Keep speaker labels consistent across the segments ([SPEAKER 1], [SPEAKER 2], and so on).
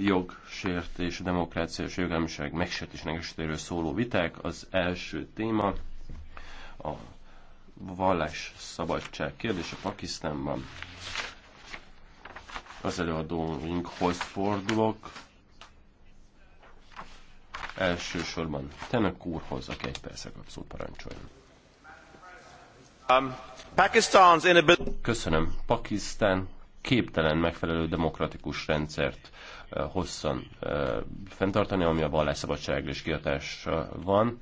[SPEAKER 1] jogsértés, demokrácia és jogállamiság megsértésének esetéről szóló viták. Az első téma a vallás szabadság kérdése Pakisztánban. Az előadóinkhoz fordulok. Elsősorban Tenek úrhoz, aki egy kap kapszó parancsoljon. Um, Köszönöm. Pakisztán képtelen megfelelő demokratikus rendszert eh, hosszan eh, fenntartani, ami a vallásszabadság is kihatása van.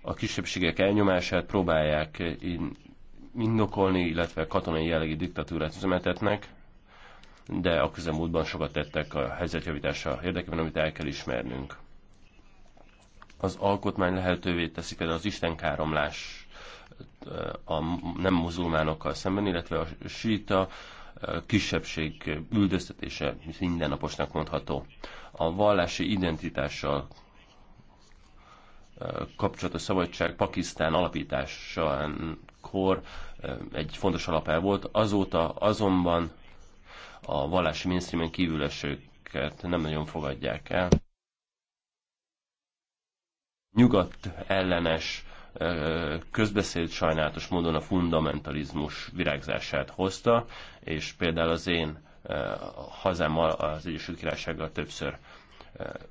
[SPEAKER 1] A kisebbségek elnyomását próbálják mindokolni, eh, illetve katonai jellegű diktatúrát üzemeltetnek, de a közelmúltban sokat tettek a helyzetjavítása érdekében, amit el kell ismernünk. Az alkotmány lehetővé teszi például az istenkáromlás a nem muzulmánokkal szemben, illetve a síta kisebbség üldöztetése mindennaposnak mondható. A vallási identitással kapcsolatos szabadság Pakisztán alapításakor egy fontos alapel volt, azóta azonban a vallási mainstreamen kívülesőket nem nagyon fogadják el. Nyugat ellenes közbeszéd sajnálatos módon a fundamentalizmus virágzását hozta, és például az én hazám az Egyesült Királysággal többször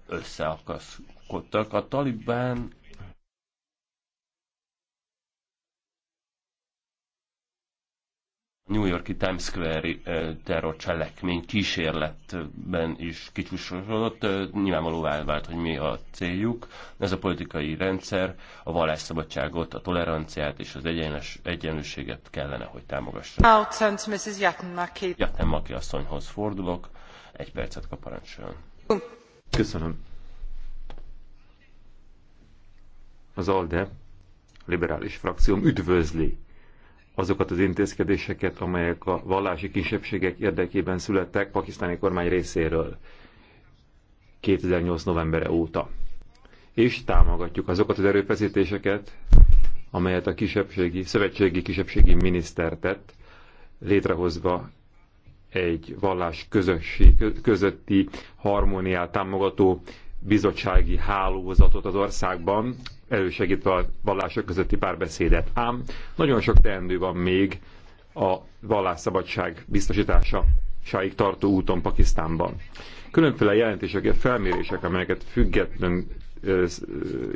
[SPEAKER 1] összeakaszkodtak. A Talibán New Yorki Times Square-i terrorcselekmény kísérletben is kicsúsosodott. Nyilvánvalóvá vált, hogy mi a céljuk. Ez a politikai rendszer a vallásszabadságot, a toleranciát és az egyenes, egyenlőséget kellene, hogy támogassa. Outland Maki asszonyhoz fordulok. Egy percet kap parancsoljon.
[SPEAKER 2] Köszönöm. Az ALDE liberális frakcióm üdvözli azokat az intézkedéseket, amelyek a vallási kisebbségek érdekében születtek pakisztáni kormány részéről 2008. novembere óta. És támogatjuk azokat az erőfeszítéseket, amelyet a kisebbségi, szövetségi kisebbségi miniszter tett, létrehozva egy vallás közösség, közötti harmóniát támogató bizottsági hálózatot az országban, elősegítve a vallások közötti párbeszédet. Ám nagyon sok teendő van még a vallásszabadság biztosítása sáig tartó úton Pakisztánban. Különféle jelentések, felmérések, amelyeket független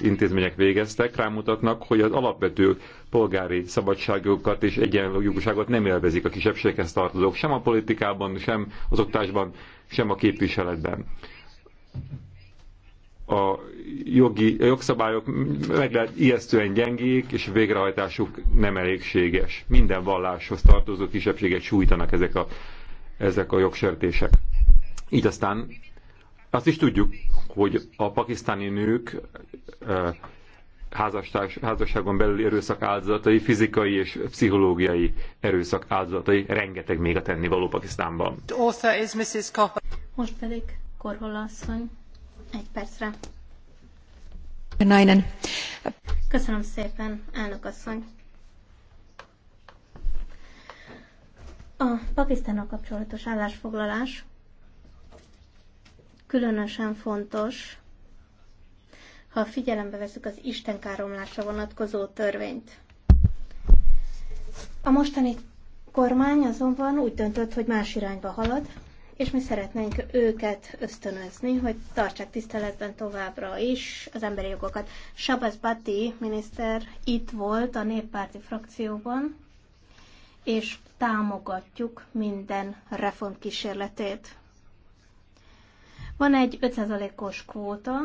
[SPEAKER 2] intézmények végeztek, rámutatnak, hogy az alapvető polgári szabadságokat és egyenlőjogúságot nem élvezik a kisebbséghez tartozók, sem a politikában, sem az oktásban, sem a képviseletben a jogi a jogszabályok meg lehet ijesztően gyengék, és a végrehajtásuk nem elégséges. Minden valláshoz tartozó kisebbséget sújtanak ezek a, ezek a jogsértések. Így aztán azt is tudjuk, hogy a pakisztáni nők házasságon belüli erőszak áldozatai, fizikai és pszichológiai erőszak áldozatai, rengeteg még a tennivaló Pakisztánban.
[SPEAKER 3] Most pedig Korhola asszony. Egy percre. Nainen. Köszönöm szépen, elnök asszony. A Pakisztánnal kapcsolatos állásfoglalás különösen fontos, ha figyelembe veszük az istenkáromlásra vonatkozó törvényt. A mostani kormány azonban úgy döntött, hogy más irányba halad, és mi szeretnénk őket ösztönözni, hogy tartsák tiszteletben továbbra is az emberi jogokat. Sabas Bati miniszter itt volt a néppárti frakcióban, és támogatjuk minden kísérletét. Van egy 5%-os kvóta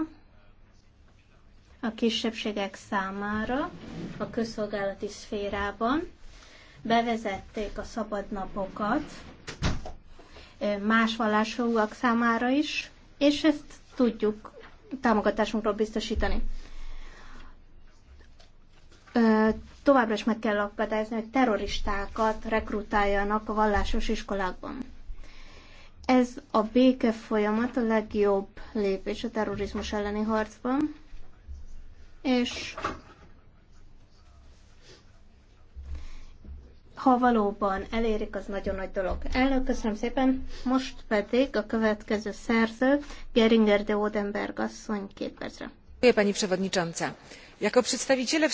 [SPEAKER 3] a kisebbségek számára a közszolgálati szférában. Bevezették a szabadnapokat, más vallásúak számára is, és ezt tudjuk támogatásunkról biztosítani. Továbbra is meg kell akadályozni, hogy terroristákat rekrutáljanak a vallásos iskolákban. Ez a béke folyamat a legjobb lépés a terrorizmus elleni harcban, és ha valóban elérik, az nagyon nagy dolog. Elnök, köszönöm szépen. Most pedig a következő szerző, Geringer de Odenberg asszony, két percre. Pani Przewodnicząca. Jako przedstawiciele...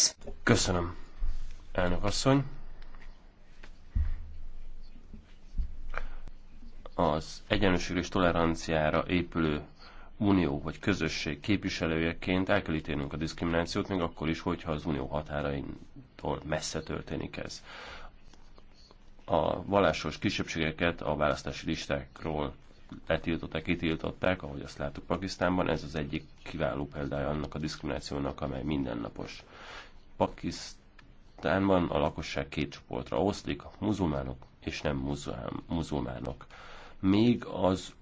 [SPEAKER 1] Köszönöm, elnök asszony. Az egyenlőség és toleranciára épülő unió vagy közösség képviselőjeként el kell ítélnünk a diszkriminációt, még akkor is, hogyha az unió határaintól messze történik ez a vallásos kisebbségeket a választási listákról letiltották, kitiltották, ahogy azt láttuk Pakisztánban. Ez az egyik kiváló példája annak a diszkriminációnak, amely mindennapos. Pakisztánban a lakosság két csoportra oszlik, a muzulmánok és nem muzulmánok. Még az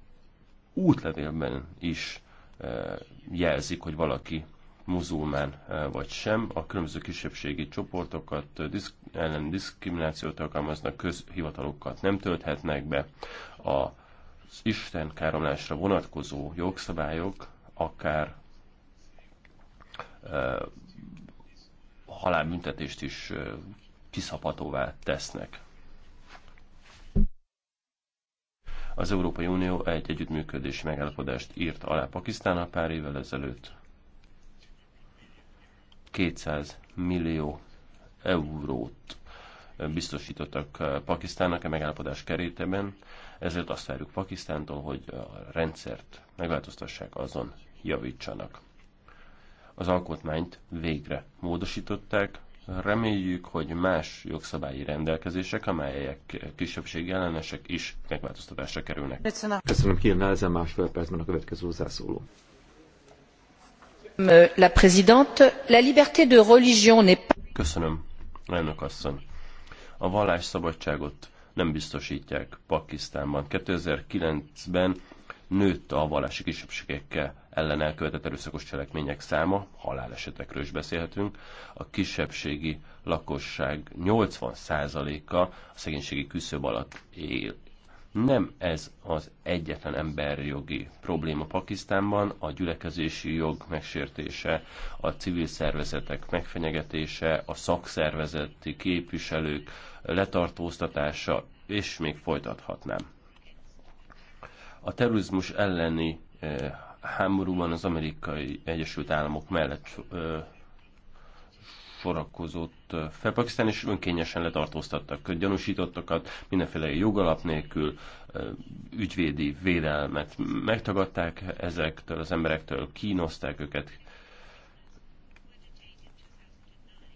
[SPEAKER 1] útlevélben is eh, jelzik, hogy valaki muzulmán eh, vagy sem. A különböző kisebbségi csoportokat eh, diszk, ellen diszkriminációt alkalmaznak, közhivatalokat nem tölthetnek be. A Isten káromlásra vonatkozó jogszabályok akár e, halálbüntetést is e, kiszabhatóvá tesznek. Az Európai Unió egy együttműködési megállapodást írt alá Pakisztánnal pár évvel ezelőtt, 200 millió eurót biztosítottak eh, Pakisztánnak a e megállapodás kerétében, ezért azt várjuk Pakisztántól, hogy a rendszert megváltoztassák, azon javítsanak. Az alkotmányt végre módosították, reméljük, hogy más jogszabályi rendelkezések, amelyek kisebbségi ellenesek is megváltoztatásra kerülnek.
[SPEAKER 2] Köszönöm, Köszönöm kérne másfél percben a
[SPEAKER 1] következő zászóló
[SPEAKER 3] la présidente la liberté de religion n'est pas.
[SPEAKER 1] köszönöm elnök asszony a vallásszabadságot nem biztosítják Pakisztánban. 2009-ben nőtt a vallási kisebbségekkel ellen elkövetett erőszakos cselekmények száma, halálesetekről is beszélhetünk. A kisebbségi lakosság 80%-a a szegénységi küszöb alatt él, nem ez az egyetlen emberjogi probléma Pakisztánban, a gyülekezési jog megsértése, a civil szervezetek megfenyegetése, a szakszervezeti képviselők letartóztatása, és még folytathatnám. A terrorizmus elleni eh, háborúban az amerikai Egyesült Államok mellett eh, forakozott fel Pakisztán, és önkényesen letartóztattak gyanúsítottakat, mindenféle jogalap nélkül ügyvédi védelmet megtagadták ezektől az emberektől, kínozták őket.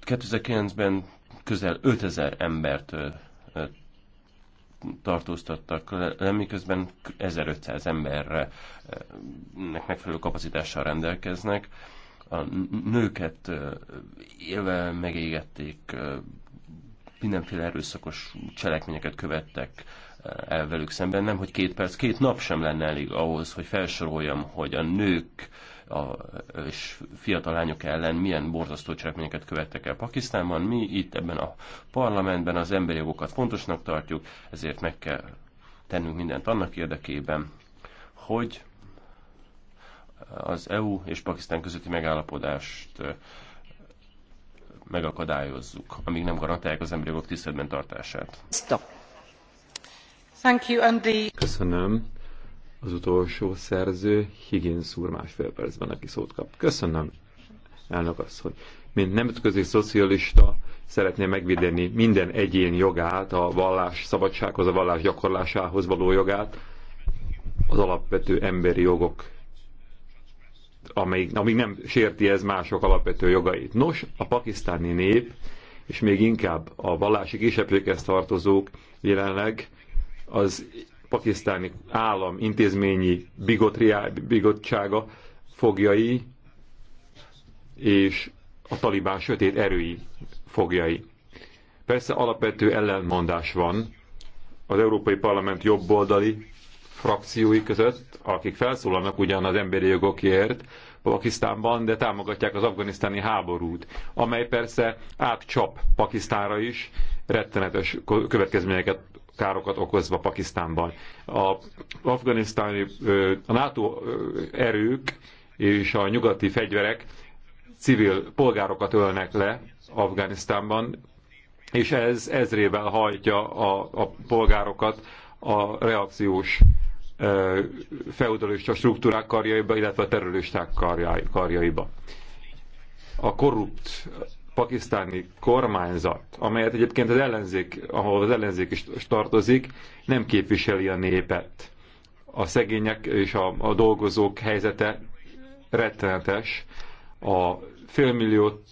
[SPEAKER 1] 2009-ben közel 5000 embert tartóztattak le, miközben 1500 emberre megfelelő kapacitással rendelkeznek a nőket élve megégették, mindenféle erőszakos cselekményeket követtek el velük szemben, nem, hogy két perc, két nap sem lenne elég ahhoz, hogy felsoroljam, hogy a nők a, és fiatal lányok ellen milyen borzasztó cselekményeket követtek el Pakisztánban. Mi itt ebben a parlamentben az emberi jogokat fontosnak tartjuk, ezért meg kell tennünk mindent annak érdekében, hogy az EU és Pakisztán közötti megállapodást megakadályozzuk, amíg nem garantálják az emberi jogok tiszteletben tartását. Stop.
[SPEAKER 2] Thank you, Andy.
[SPEAKER 1] Köszönöm.
[SPEAKER 2] Az utolsó szerző Higgins úr másfél percben, aki szót kap. Köszönöm, elnök asszony. Mint nemzetközi szocialista szeretné megvédeni minden egyén jogát, a vallás szabadsághoz, a vallás gyakorlásához való jogát, az alapvető emberi jogok amíg, amíg nem sérti ez mások alapvető jogait. Nos, a pakisztáni nép, és még inkább a vallási kisebbséghez tartozók jelenleg az pakisztáni állam intézményi bigotriá, bigottsága fogjai és a talibán sötét erői fogjai. Persze alapvető ellenmondás van az Európai Parlament jobboldali frakciói között, akik felszólalnak ugyan az emberi jogokért Pakisztánban, de támogatják az afganisztáni háborút, amely persze átcsap Pakisztánra is, rettenetes következményeket károkat okozva Pakisztánban. A afganisztáni, a NATO erők és a nyugati fegyverek civil polgárokat ölnek le Afganisztánban, és ez ezrével hajtja a, a polgárokat a reakciós feudalista struktúrák karjaiba, illetve a terroristák karjaiba. A korrupt pakisztáni kormányzat, amelyet egyébként az ellenzék, ahol az ellenzék is tartozik, nem képviseli a népet. A szegények és a, a dolgozók helyzete rettenetes. A félmillió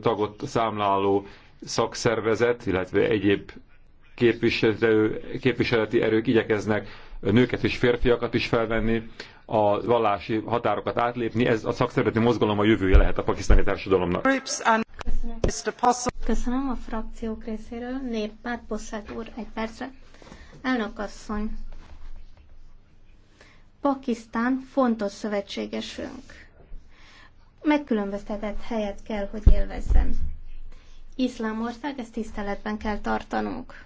[SPEAKER 2] tagot számláló szakszervezet, illetve egyéb képviselő, képviseleti erők igyekeznek nőket és férfiakat is felvenni, a vallási határokat átlépni, ez a szakszervezeti mozgalom a jövője lehet a pakisztáni társadalomnak.
[SPEAKER 3] Köszönöm. a frakciók részéről. Néppárt Bosszát úr, egy percre. Elnök asszony, Pakisztán fontos szövetségesünk. Megkülönböztetett helyet kell, hogy élvezzen. Iszlámország, ezt tiszteletben kell tartanunk.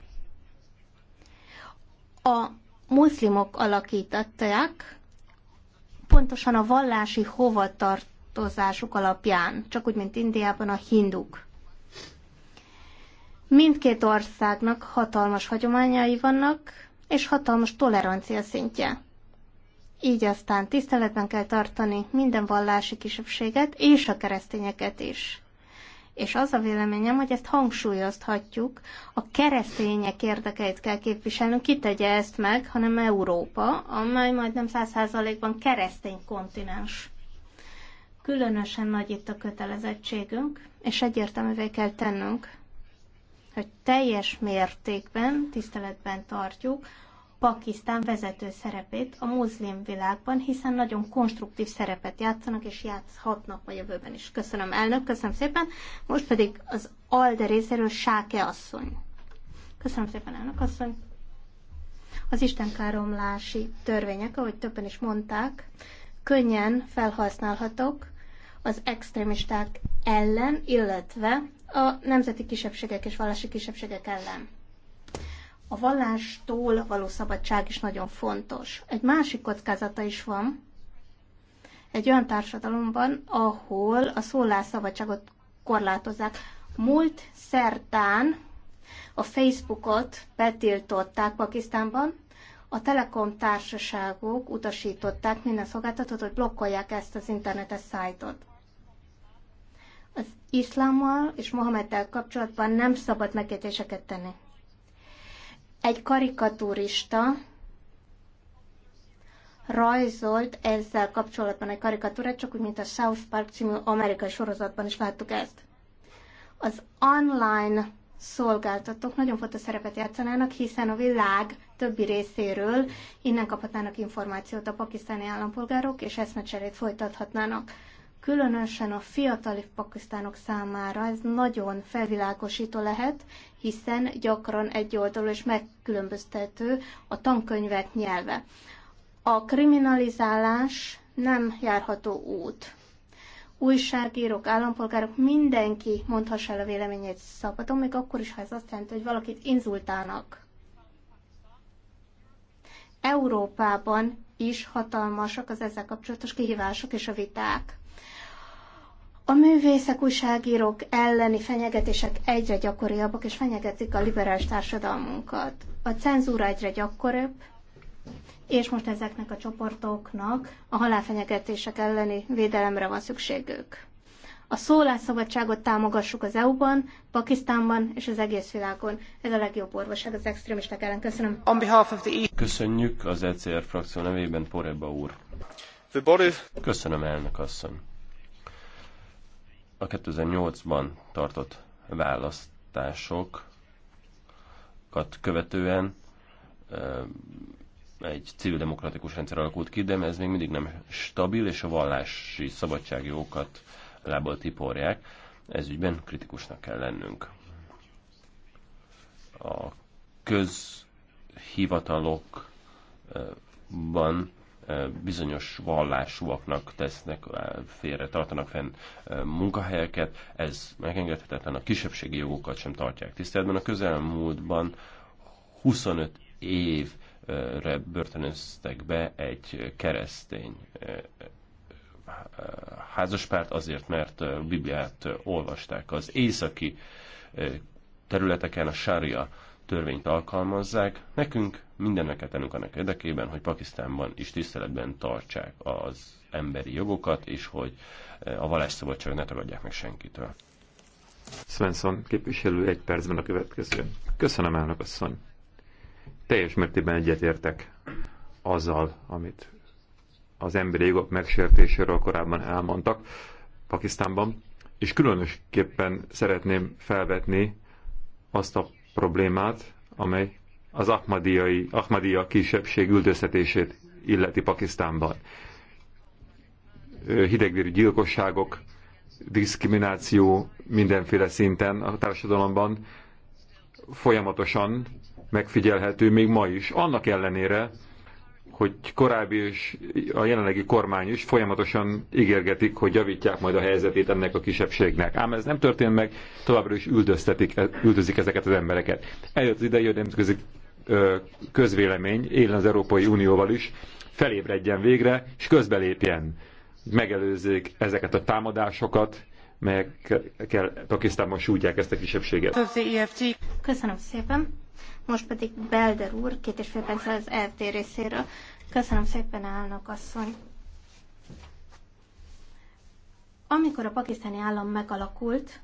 [SPEAKER 3] A muszlimok alakították, pontosan a vallási hovatartozásuk alapján, csak úgy, mint Indiában a hinduk. Mindkét országnak hatalmas hagyományai vannak, és hatalmas tolerancia szintje. Így aztán tiszteletben kell tartani minden vallási kisebbséget és a keresztényeket is és az a véleményem, hogy ezt hangsúlyozhatjuk, a keresztények érdekeit kell képviselnünk, ki tegye ezt meg, hanem Európa, amely majdnem száz százalékban keresztény kontinens. Különösen nagy itt a kötelezettségünk, és egyértelművé kell tennünk, hogy teljes mértékben, tiszteletben tartjuk Pakisztán vezető szerepét a muszlim világban, hiszen nagyon konstruktív szerepet játszanak és játszhatnak a jövőben is. Köszönöm elnök, köszönöm szépen. Most pedig az ALDE részéről Sáke asszony. Köszönöm szépen elnök asszony. Az istenkáromlási törvények, ahogy többen is mondták, könnyen felhasználhatók az extrémisták ellen, illetve a nemzeti kisebbségek és vallási kisebbségek ellen a vallástól való szabadság is nagyon fontos. Egy másik kockázata is van, egy olyan társadalomban, ahol a szólásszabadságot korlátozzák. Múlt szertán a Facebookot betiltották Pakisztánban, a telekom társaságok utasították minden szolgáltatót, hogy blokkolják ezt az internetes szájtot. Az iszlámmal és Mohameddel kapcsolatban nem szabad megjegyzéseket tenni. Egy karikaturista rajzolt ezzel kapcsolatban egy karikatúrát, csak úgy, mint a South Park című amerikai sorozatban is láttuk ezt. Az online szolgáltatók nagyon fontos szerepet játszanának, hiszen a világ többi részéről innen kaphatnának információt a pakisztáni állampolgárok, és eszmecserét folytathatnának. Különösen a fiatal pakisztánok számára ez nagyon felvilágosító lehet, hiszen gyakran egyoldalú és megkülönböztető a tankönyvek nyelve. A kriminalizálás nem járható út. Újságírók, állampolgárok, mindenki mondhassa el a véleményét szabadon, még akkor is, ha ez azt jelenti, hogy valakit inzultálnak. Európában is hatalmasak az ezzel kapcsolatos kihívások és a viták. A művészek, újságírók elleni fenyegetések egyre gyakoriabbak, és fenyegetik a liberális társadalmunkat. A cenzúra egyre gyakoribb, és most ezeknek a csoportoknak a halálfenyegetések elleni védelemre van szükségük. A szólásszabadságot támogassuk az EU-ban, Pakisztánban és az egész világon. Ez a legjobb orvoság az extrémisták ellen. Köszönöm. On behalf of the EU.
[SPEAKER 1] Köszönjük az ECR frakció nevében Poreba úr. Köszönöm elnök asszony a 2008-ban tartott választásokat követően egy civil demokratikus rendszer alakult ki, de ez még mindig nem stabil, és a vallási szabadságjókat lából tiporják. Ez ügyben kritikusnak kell lennünk. A közhivatalokban bizonyos vallásúaknak tesznek, félre tartanak fenn munkahelyeket, ez megengedhetetlen, a kisebbségi jogokat sem tartják tiszteletben. A közelmúltban 25 évre börtönöztek be egy keresztény házaspárt azért, mert Bibliát olvasták. Az északi területeken a sária törvényt alkalmazzák. Nekünk Mindennek kell tennünk annak érdekében, hogy Pakisztánban is tiszteletben tartsák az emberi jogokat, és hogy eh, a vallásszabadság ne tagadják meg senkitől. Svensson képviselő egy percben a következő.
[SPEAKER 2] Köszönöm, elnök asszony. Teljes mértében egyetértek azzal, amit az emberi jogok megsértéséről korábban elmondtak Pakisztánban, és különösképpen szeretném felvetni azt a problémát, amely az ahmadiai, ahmadia kisebbség üldöztetését illeti Pakisztánban. Hidegvérű gyilkosságok, diszkrimináció mindenféle szinten a társadalomban folyamatosan megfigyelhető még ma is. Annak ellenére, hogy korábbi és a jelenlegi kormány is folyamatosan ígérgetik, hogy javítják majd a helyzetét ennek a kisebbségnek. Ám ez nem történt meg, továbbra is üldöztetik, üldözik ezeket az embereket. Eljött az idei hogy nemzetközi közvélemény, élen az Európai Unióval is, felébredjen végre, és közbelépjen, megelőzzék ezeket a támadásokat, melyekkel Pakisztánban sújtják ezt a kisebbséget.
[SPEAKER 3] Köszönöm szépen. Most pedig Belder úr, két és fél perc az LT részéről. Köszönöm szépen, állnak asszony. Amikor a pakisztáni állam megalakult,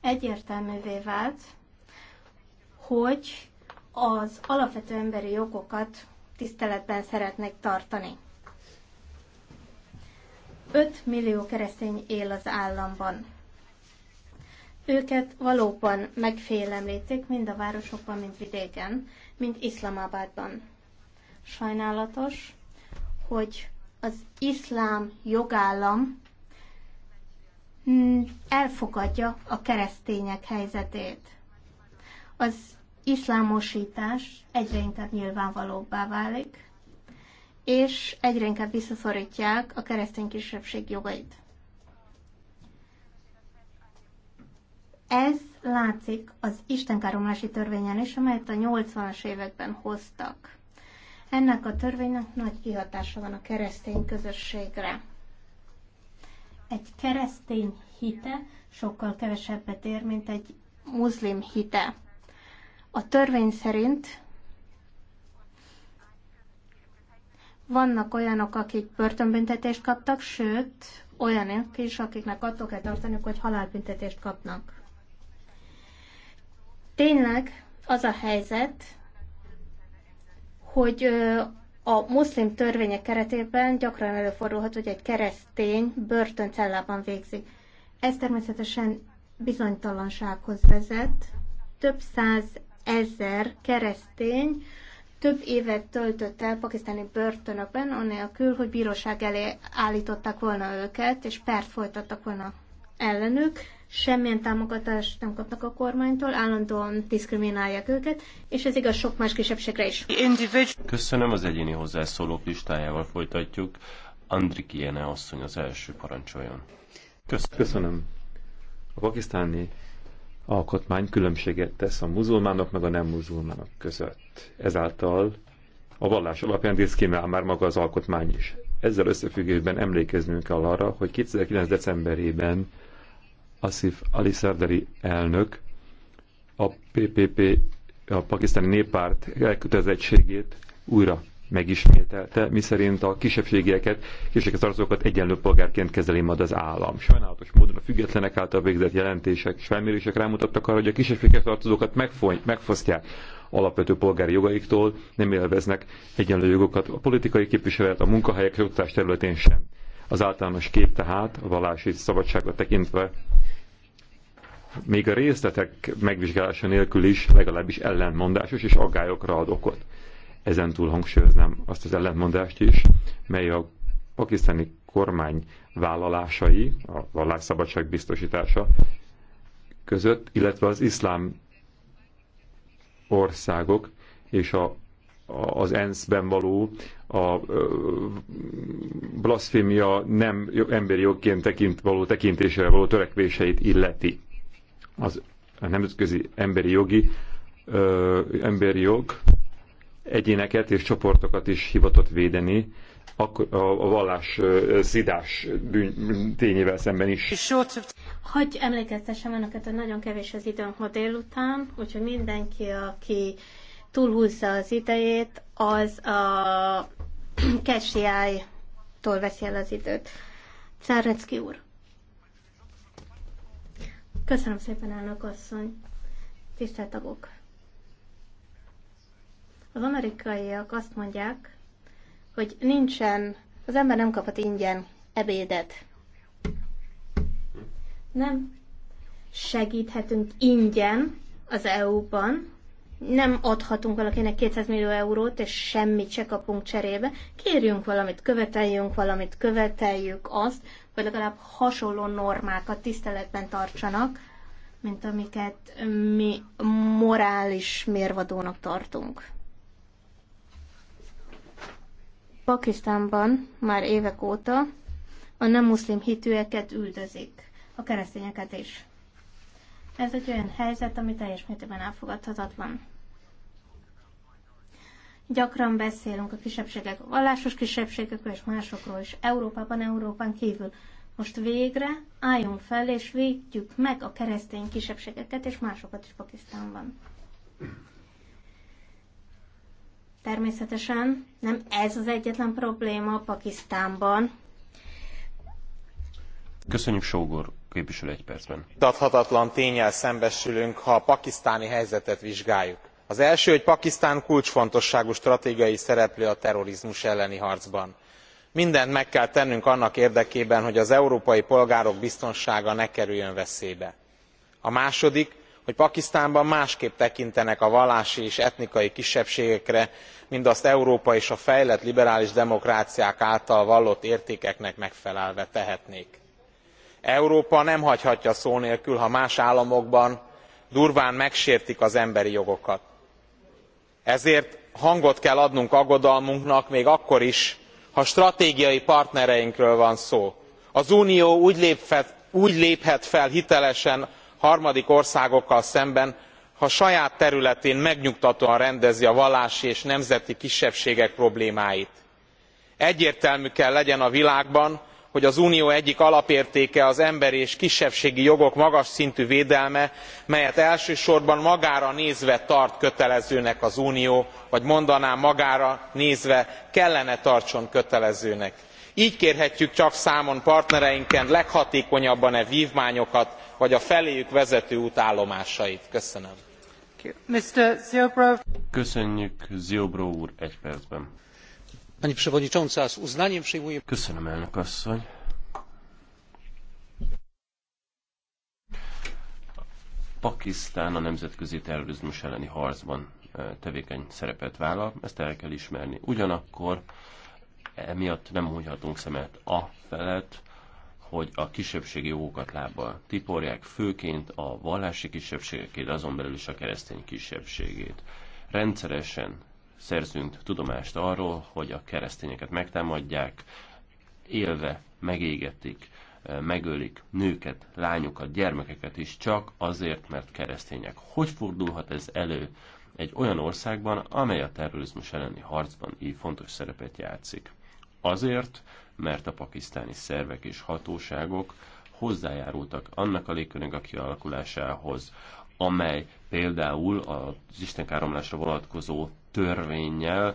[SPEAKER 3] egyértelművé vált, hogy az alapvető emberi jogokat tiszteletben szeretnék tartani. 5 millió keresztény él az államban. Őket valóban megfélemlítik, mind a városokban, mind vidéken, mind Iszlamabadban. Sajnálatos, hogy az iszlám jogállam mm, elfogadja a keresztények helyzetét. Az iszlámosítás egyre inkább nyilvánvalóbbá válik, és egyre inkább visszaszorítják a keresztény kisebbség jogait. Ez látszik az istenkáromlási törvényen is, amelyet a 80-as években hoztak. Ennek a törvénynek nagy kihatása van a keresztény közösségre. Egy keresztény hite sokkal kevesebbet ér, mint egy muszlim hite. A törvény szerint vannak olyanok, akik börtönbüntetést kaptak, sőt, olyanok is, akiknek attól kell tartaniuk, hogy halálbüntetést kapnak. Tényleg az a helyzet, hogy a muszlim törvények keretében gyakran előfordulhat, hogy egy keresztény börtöncellában végzi. Ez természetesen bizonytalansághoz vezet. Több száz ezer keresztény több évet töltött el pakisztáni börtönökben, anélkül, hogy bíróság elé állították volna őket, és pert folytattak volna ellenük semmilyen támogatást nem kapnak a kormánytól, állandóan diszkriminálják őket, és ez igaz sok más kisebbségre is.
[SPEAKER 1] Köszönöm az egyéni hozzászólók listájával folytatjuk. Andrik Iene asszony az első parancsoljon.
[SPEAKER 2] Köszönöm. Köszönöm. A pakisztáni alkotmány különbséget tesz a muzulmánok meg a nem muzulmánok között. Ezáltal a vallás alapján diszkriminál már maga az alkotmány is. Ezzel összefüggésben emlékeznünk kell arra, hogy 2009. decemberében Asif Ali Sardari elnök a PPP, a pakisztáni néppárt elkötelezettségét újra megismételte, miszerint a kisebbségieket, kisebbségeket tartozókat egyenlő polgárként kezeli majd az állam. Sajnálatos módon a függetlenek által végzett jelentések és felmérések rámutattak arra, hogy a kisebbségeket tartozókat megfosztják alapvető polgári jogaiktól, nem élveznek egyenlő jogokat a politikai képviselet, a munkahelyek, oktatás területén sem. Az általános kép tehát a vallási szabadságot tekintve még a részletek megvizsgálása nélkül is legalábbis ellentmondásos és aggályokra ad okot. Ezen túl hangsúlyoznám azt az ellentmondást is, mely a pakisztáni kormány vállalásai, a vallásszabadság biztosítása között, illetve az iszlám országok és a, a, az ENSZ-ben való a blasfémia nem emberi jogként tekint, való tekintésre való törekvéseit illeti az a nemzetközi emberi jogi ö, emberi jog egyéneket és csoportokat is hivatott védeni akkor a, a vallás szidás bűn, tényével szemben is.
[SPEAKER 3] Hogy emlékeztessem önöket, hogy nagyon kevés az időnk ma délután, úgyhogy mindenki, aki túlhúzza az idejét, az a kesiájtól veszi el az időt. Czárnecki úr. Köszönöm szépen, elnök asszony. Tisztelt tagok! Az amerikaiak azt mondják, hogy nincsen, az ember nem kaphat ingyen ebédet. Nem segíthetünk ingyen az EU-ban, nem adhatunk valakinek 200 millió eurót, és semmit se kapunk cserébe. Kérjünk valamit, követeljünk valamit, követeljük azt, hogy legalább hasonló normákat tiszteletben tartsanak, mint amiket mi morális mérvadónak tartunk. Pakisztánban már évek óta a nem muszlim hitűeket üldözik, a keresztényeket is. Ez egy olyan helyzet, ami teljes mértékben elfogadhatatlan. Gyakran beszélünk a kisebbségek, a vallásos kisebbségekről és másokról is, Európában, Európán kívül. Most végre álljunk fel, és védjük meg a keresztény kisebbségeket és másokat is Pakisztánban. Természetesen nem ez az egyetlen probléma Pakisztánban.
[SPEAKER 1] Köszönjük, Sógor képviselő egy percben.
[SPEAKER 4] Tathatatlan tényel szembesülünk, ha a pakisztáni helyzetet vizsgáljuk az első hogy pakisztán kulcsfontosságú stratégiai szereplő a terrorizmus elleni harcban. mindent meg kell tennünk annak érdekében hogy az európai polgárok biztonsága ne kerüljön veszélybe. a második hogy pakisztánban másképp tekintenek a vallási és etnikai kisebbségekre mint azt európa és a fejlett liberális demokráciák által vallott értékeknek megfelelve tehetnék. európa nem hagyhatja szó nélkül ha más államokban durván megsértik az emberi jogokat ezért hangot kell adnunk aggodalmunknak még akkor is ha stratégiai partnereinkről van szó. az unió úgy léphet fel hitelesen harmadik országokkal szemben ha saját területén megnyugtatóan rendezi a vallási és nemzeti kisebbségek problémáit. egyértelmű kell legyen a világban hogy az unió egyik alapértéke az emberi és kisebbségi jogok magas szintű védelme melyet elsősorban magára nézve tart kötelezőnek az unió vagy mondanám magára nézve kellene tartson kötelezőnek. gy kérhetjük csak számon partnereinken leghatékonyabban e vvmányokat vagy a feléjük vezető út állomásait. köszönöm.
[SPEAKER 1] köszönjük egy percben. Pani Przewodnicząca, z uznaniem przyjmuję... Köszönöm, elnök asszony. Pakisztán a nemzetközi terrorizmus elleni harcban e, tevékeny szerepet vállal, ezt el kell ismerni. Ugyanakkor emiatt nem hunyhatunk szemet a felett, hogy a kisebbségi jogokat lábbal tiporják, főként a vallási kisebbségekét, azon belül is a keresztény kisebbségét. Rendszeresen szerzünk tudomást arról, hogy a keresztényeket megtámadják, élve megégetik, eh, megölik nőket, lányokat, gyermekeket is csak azért, mert keresztények. Hogy fordulhat ez elő egy olyan országban, amely a terrorizmus elleni harcban így fontos szerepet játszik? Azért, mert a pakisztáni szervek és hatóságok hozzájárultak annak a légkörnek a kialakulásához, amely például az istenkáromlásra vonatkozó törvényel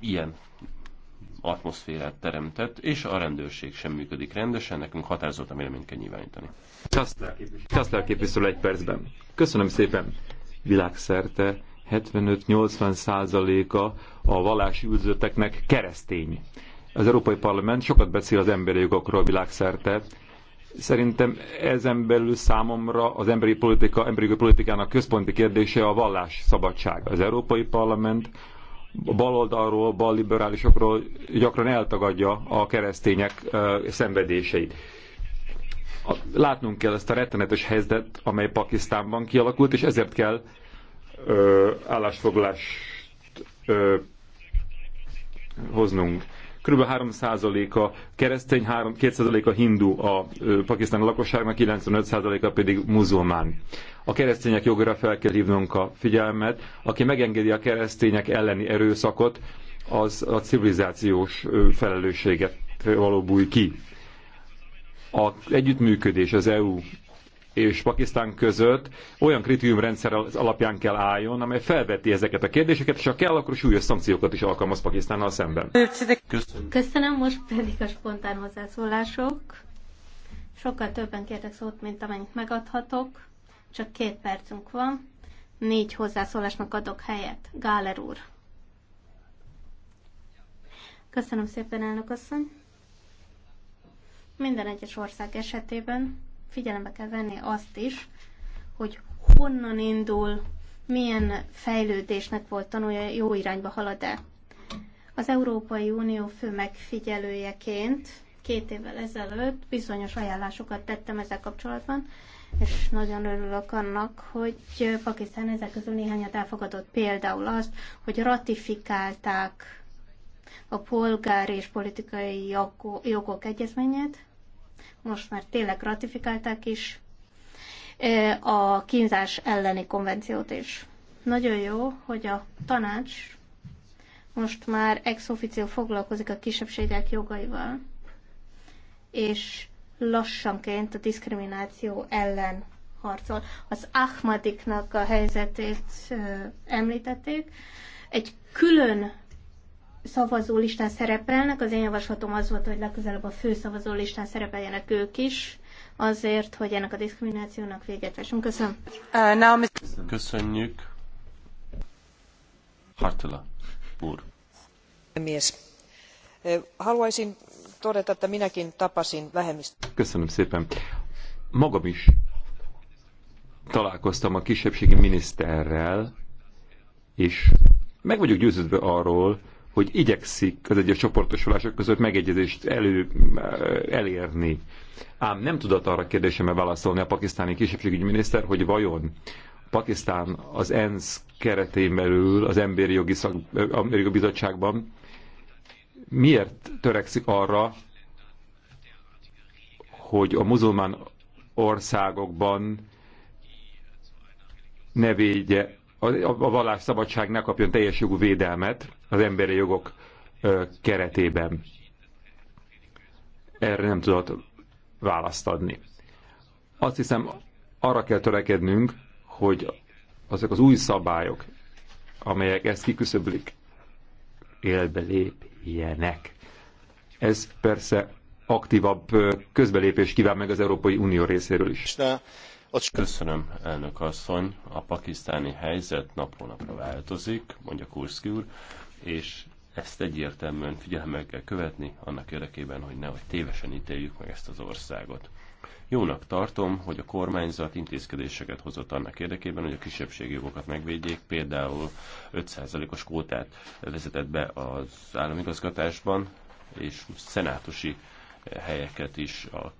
[SPEAKER 1] ilyen atmoszférát teremtett, és a rendőrség sem működik rendesen, nekünk határozottan véleményt kell nyilvánítani. Kaszler képviselő egy percben. Köszönöm szépen.
[SPEAKER 2] Világszerte 75-80 százaléka a vallási üldözötteknek keresztény. Az Európai Parlament sokat beszél az emberi jogokról világszerte, Szerintem ezen belül számomra az emberi, politika, emberi politikának központi kérdése a vallás szabadsága. Az Európai Parlament baloldalról, balliberálisokról gyakran eltagadja a keresztények szenvedéseit. Látnunk kell ezt a rettenetes helyzetet, amely Pakisztánban kialakult, és ezért kell állásfoglalást hoznunk. Kb. 3%-a keresztény, 2%-a hindu a pakisztán lakosságnak, 95%-a pedig muzulmán. A keresztények jogra fel kell hívnunk a figyelmet. Aki megengedi a keresztények elleni erőszakot, az a civilizációs felelősséget való búj ki. A együttműködés az EU és Pakisztán között olyan kritériumrendszer alapján kell álljon, amely felveti ezeket a kérdéseket, és ha kell, akkor súlyos szankciókat is alkalmaz Pakisztánnal szemben. Köszönöm.
[SPEAKER 3] Köszönöm, most pedig a spontán hozzászólások. Sokkal többen kértek szót, mint amennyit megadhatok. Csak két percünk van. Négy hozzászólásnak adok helyet. Gáler úr. Köszönöm szépen, elnök asszony. Minden egyes ország esetében figyelembe kell venni azt is, hogy honnan indul, milyen fejlődésnek volt tanulja, jó irányba halad-e. Az Európai Unió fő megfigyelőjeként két évvel ezelőtt bizonyos ajánlásokat tettem ezzel kapcsolatban, és nagyon örülök annak, hogy Pakisztán ezek közül néhányat elfogadott. Például azt, hogy ratifikálták a polgári és politikai jogok egyezményét, most már tényleg ratifikálták is a kínzás elleni konvenciót is. Nagyon jó, hogy a tanács most már ex officio foglalkozik a kisebbségek jogaival, és lassanként a diszkrimináció ellen harcol. Az Ahmadiknak a helyzetét említették. Egy külön szavazólistán szerepelnek. Az én javaslatom az volt, hogy legközelebb a fő szavazólistán szerepeljenek ők is, azért, hogy ennek a diszkriminációnak véget vessünk. Köszönöm. Uh,
[SPEAKER 1] Köszönjük. Hartala úr.
[SPEAKER 4] Mies. Uh, haluaisin todeta, että minäkin tapasin vähemmistö.
[SPEAKER 2] Köszönöm szépen. Magam is találkoztam a kisebbségi miniszterrel, és meg vagyok győződve arról, hogy igyekszik az egyes csoportosulások között megegyezést elő, elérni. Ám nem tudott arra kérdésemre válaszolni a pakisztáni kisebbségügyminiszter, hogy vajon Pakisztán az ENSZ keretén belül, az Emberi Jogi, Szak, Amerika Bizottságban miért törekszik arra, hogy a muzulmán országokban ne védje a, a vallásszabadság ne kapjon teljes jogú védelmet az emberi jogok keretében. Erre nem tudott választ adni. Azt hiszem, arra kell törekednünk, hogy azok az új szabályok, amelyek ezt kiküszöblik, élbe lépjenek. Ez persze
[SPEAKER 1] aktívabb közbelépés kíván meg az Európai Unió részéről is. Köszönöm, elnök asszony. A pakisztáni helyzet napról napra változik, mondja Kurszki úr, és ezt egyértelműen figyelemmel kell követni, annak érdekében, hogy nehogy tévesen ítéljük meg ezt az országot. Jónak tartom, hogy a kormányzat intézkedéseket hozott annak érdekében, hogy a kisebbségi jogokat megvédjék, például 5%-os kótát vezetett be az államigazgatásban, és szenátusi helyeket is a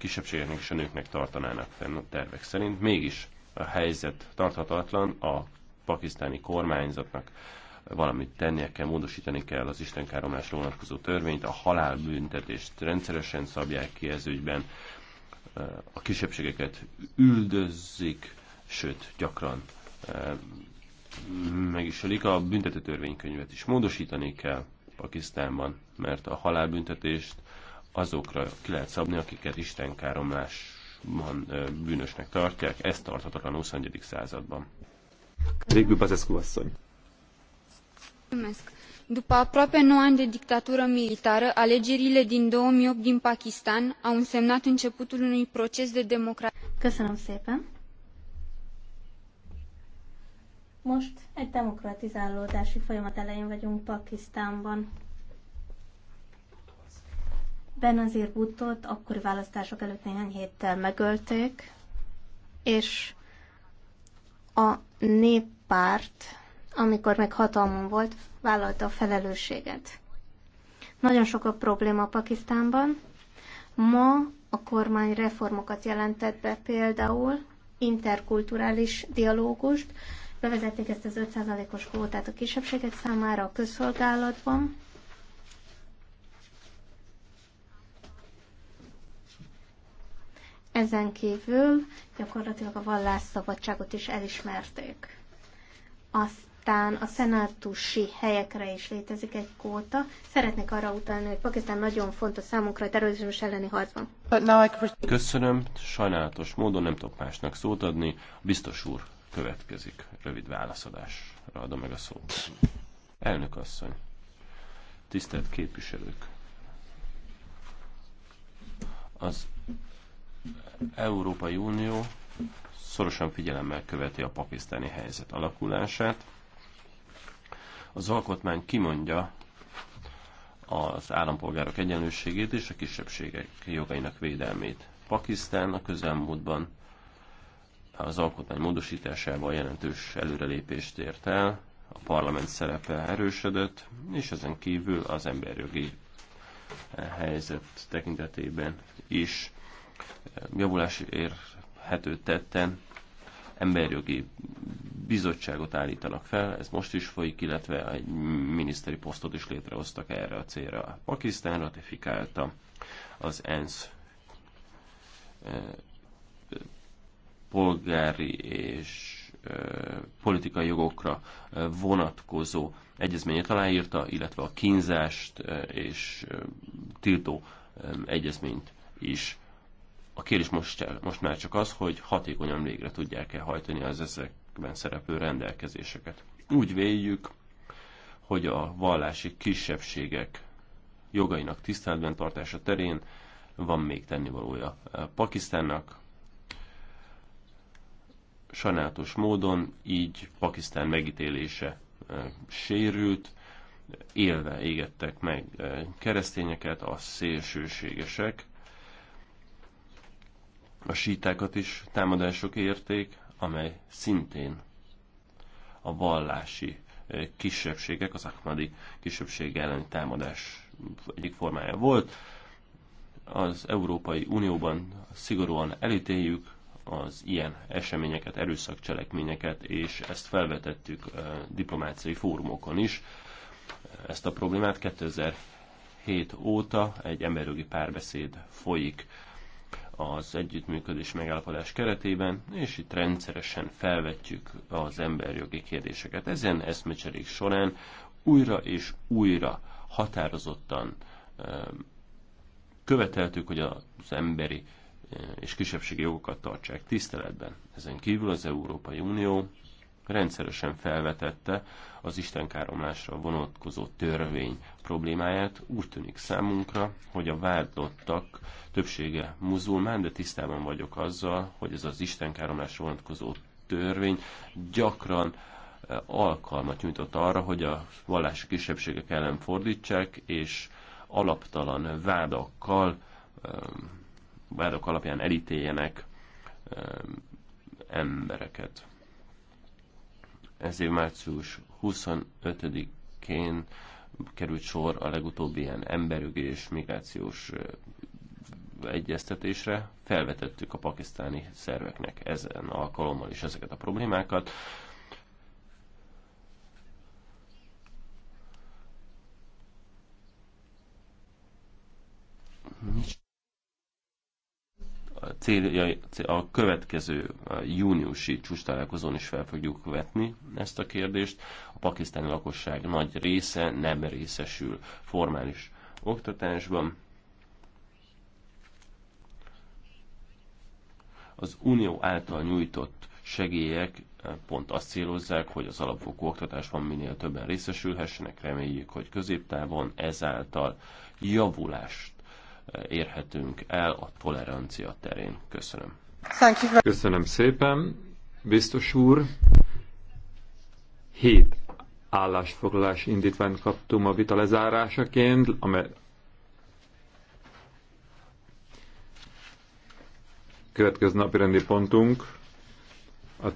[SPEAKER 1] kisebbségeknek és a nőknek tartanának fenn a tervek szerint. Mégis a helyzet tarthatatlan, a pakisztáni kormányzatnak valamit tennie kell, módosítani kell az istenkáromlásra vonatkozó törvényt, a halálbüntetést rendszeresen szabják ki ez ügyben, a kisebbségeket üldözzik, sőt, gyakran meg is ölik. A büntető törvénykönyvet is módosítani kell Pakisztánban, mert a halálbüntetést azokra ki lehet szabni, akiket Isten káromlásban bűnösnek tartják. Ez tarthatatlan a 21. században. Végül Bazescu asszony.
[SPEAKER 3] După aproape 9 ani de dictatură militară, alegerile din 2008 din Pakistan au însemnat începutul unui proces de democrație. Köszönöm szépen! Most egy demokratizálódási folyamat elején vagyunk Pakisztánban. Benazir Butot akkor választások előtt néhány héttel megölték, és a néppárt, amikor még hatalmon volt, vállalta a felelősséget. Nagyon sok a probléma Pakisztánban. Ma a kormány reformokat jelentett be, például interkulturális dialógust, bevezették ezt az 5%-os kvótát a kisebbségek számára a közszolgálatban, Ezen kívül gyakorlatilag a vallásszabadságot is elismerték. Aztán a szenátusi helyekre is létezik egy kóta. Szeretnék arra utalni, hogy Pakisztán nagyon fontos számunkra a terrorizmus elleni harcban.
[SPEAKER 1] Köszönöm, sajnálatos módon nem tudok másnak szót adni. Biztos úr következik. Rövid válaszadásra adom meg a szót. Elnök asszony, tisztelt képviselők! Az Európai Unió szorosan figyelemmel követi a pakisztáni helyzet alakulását. Az alkotmány kimondja az állampolgárok egyenlőségét és a kisebbségek jogainak védelmét. Pakisztán a közelmúltban az alkotmány módosításával jelentős előrelépést ért el, a parlament szerepe erősödött, és ezen kívül az emberjogi helyzet tekintetében is javulás érhető tetten emberjogi bizottságot állítanak fel, ez most is folyik, illetve egy miniszteri posztot is létrehoztak erre a célra. Pakisztán ratifikálta az ENSZ eh, polgári és eh, politikai jogokra eh, vonatkozó egyezményet aláírta, illetve a kínzást és tiltó egyezményt is a kérdés most, most már csak az, hogy hatékonyan végre tudják-e hajtani az ezekben szereplő rendelkezéseket. Úgy véljük, hogy a vallási kisebbségek jogainak tiszteletben tartása terén van még tennivalója Pakisztánnak. Sajnálatos módon így Pakisztán megítélése eh, sérült, élve égettek meg eh, keresztényeket a szélsőségesek, a sítákat is támadások érték, amely szintén a vallási eh, kisebbségek, az akmadi kisebbség elleni támadás egyik formája volt. Az Európai Unióban szigorúan elítéljük az ilyen eseményeket, erőszakcselekményeket, és ezt felvetettük eh, diplomáciai fórumokon is. Ezt a problémát 2007 óta egy emberjogi párbeszéd folyik az együttműködés megállapodás keretében, és itt rendszeresen felvetjük az emberjogi kérdéseket. Ezen eszmecserék során újra és újra határozottan követeltük, hogy az emberi és kisebbségi jogokat tartsák tiszteletben. Ezen kívül az Európai Unió rendszeresen felvetette az istenkáromlásra vonatkozó törvény problémáját. Úgy tűnik számunkra, hogy a vádlottak többsége muzulmán, de tisztában vagyok azzal, hogy ez az istenkáromlásra vonatkozó törvény gyakran eh, alkalmat nyújtott arra, hogy a vallási kisebbségek ellen fordítsák, és alaptalan vádakkal, eh, vádak alapján elítéljenek eh, embereket ez év március 25-én került sor a legutóbbi ilyen emberügyi és migrációs egyeztetésre. Felvetettük a pakisztáni szerveknek ezen alkalommal is ezeket a problémákat. Nincs célja a következő júniusi csúcstalálkozón is fel fogjuk vetni ezt a kérdést. A pakisztáni lakosság nagy része nem részesül formális oktatásban. Az unió által nyújtott segélyek eh, pont azt célozzák, hogy az alapfokú oktatásban minél többen részesülhessenek, reméljük, hogy középtávon ezáltal javulás érhetünk el a tolerancia terén. Köszönöm. Köszönöm szépen, biztos úr. Hét állásfoglalás
[SPEAKER 2] indítványt kaptunk a vita lezárásaként, amely következő napi rendi pontunk
[SPEAKER 3] a